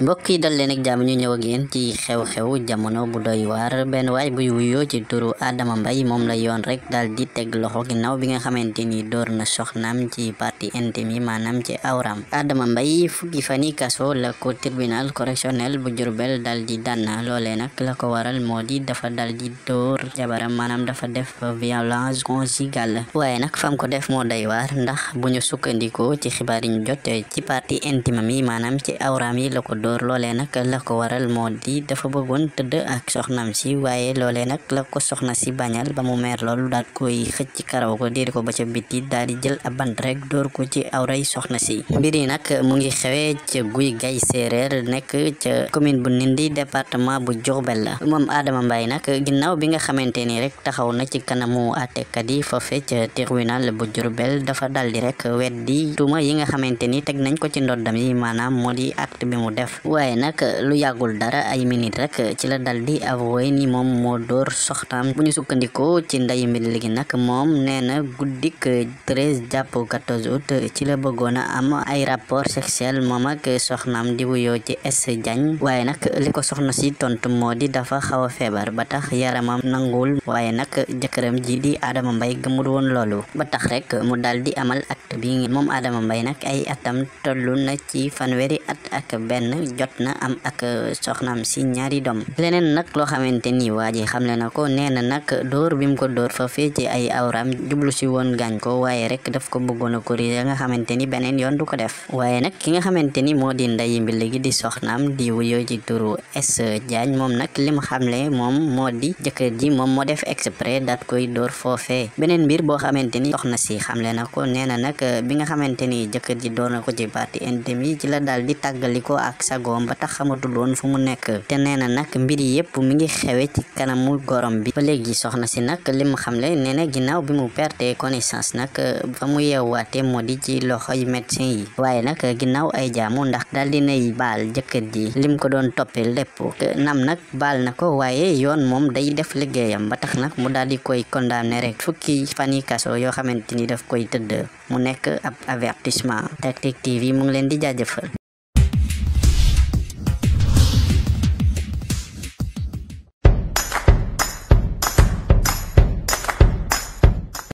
mbokk yi dal leen ak jàmm ñu ñëw ak yéen ci xew-xew jamono bu doy waar benn waay buy wuyoo ci turu Adama Mbaye moom la yoon rek daal di teg loxo ginnaaw bi nga xamante ni door na soxnaam ci parti intime yi maanaam ci awram Adama Mbaye fukki fani kaso la ko tribunal correctionnel bu Jurbel daal di daan loolee nag la ko waral moo di dafa daal di dóor jabaram maanaam dafa def violence conjugale waaye nag fam ko def moo doy waar ndax bu ñu sukkandikoo ci xibaar yi ci partie intime yi maanaam ci awram yi la ko dóor Dóor loolee nag la ko waral moo di dafa bëggoon tëdd ak soxnam si waaye loolee nag la ko soxna si bañal ba mu meer loolu daal koy xëcc karaw ko diir ko ba ca biti daal di jël ab bant rek dóor ko ci awray soxna si mbir yi nag mu ngi xewee ca guy gay séeréer nekk ca commune bu Nindi département bu Diourbel la moom Adama Mbaye nag ginnaaw bi nga xamante ni rek taxaw na ci kanamu àttekat yi foofe ca tribunal bu Diourbel dafa daldi rek weddi tuuma yi nga xamante ni def waaye nag lu yàggul dara ay minit rek ci la dal di avoué ni moom moo door soxnaam bu ñu sukkandikoo ci nday mbir léegi nag moom nee na guddik 13 jàpp 14 août ci la bëggoon a am ay rapport sexuel moom ak soxnaam di wuyoo ci S Diagne waaye nag li ko soxna si tontu moo di dafa xaw a feebar ba tax yaramam nanguwul waaye nag jëkkëram ji di Adama Mbaye gëmul woon loolu ba tax rek mu daal di amal acte bi moom Adama Mbaye nag ay atam tollu na ci fanweeri at ak benn jot na am ak euh, soxnaam si ñaari doom leneen nag loo xamante ni waa ji xamle na ko nee na nag dóor bi mu ko dóor fa fee ci ay awraam jublu si woon gaañ ko waaye rek daf ko bëggoon a corriger nga xamante ni beneen yoon du ko def waaye nag ki nga xamante ni moo di ndayi mbi léegi di soxnaam di wuyoo ci turu S Diagne moom nag li mu xamle moom moo di jëkkër ji moom moo def exprès daat koy dóor foofee beneen mbir boo xamante ni soxna si xamle na ko xamante ni jëkkër ji ci partie intime ci la daal di tàggaliko ak sagoom ba tax xamatuloon fu mu nekk te nee na nag mbir yépp mi ngi xewe ci kanamu gorom bi ba léegi soxna si nag lim xamle nee na ginnaaw bi mu perte connaissance nag fa mu yeewaate moo di ci loxoy médecin yi waaye nag ginnaaw ay jaamu ndax daal dinay baal jëkkër ji lim ko doon toppee lépp nam nag baal na ko waaye yoon moom day def liggéeyam ba tax nag mu daal di koy condamné rek fukki fani kaso yoo xamante ni daf koy tëdd mu nekk ab avertissement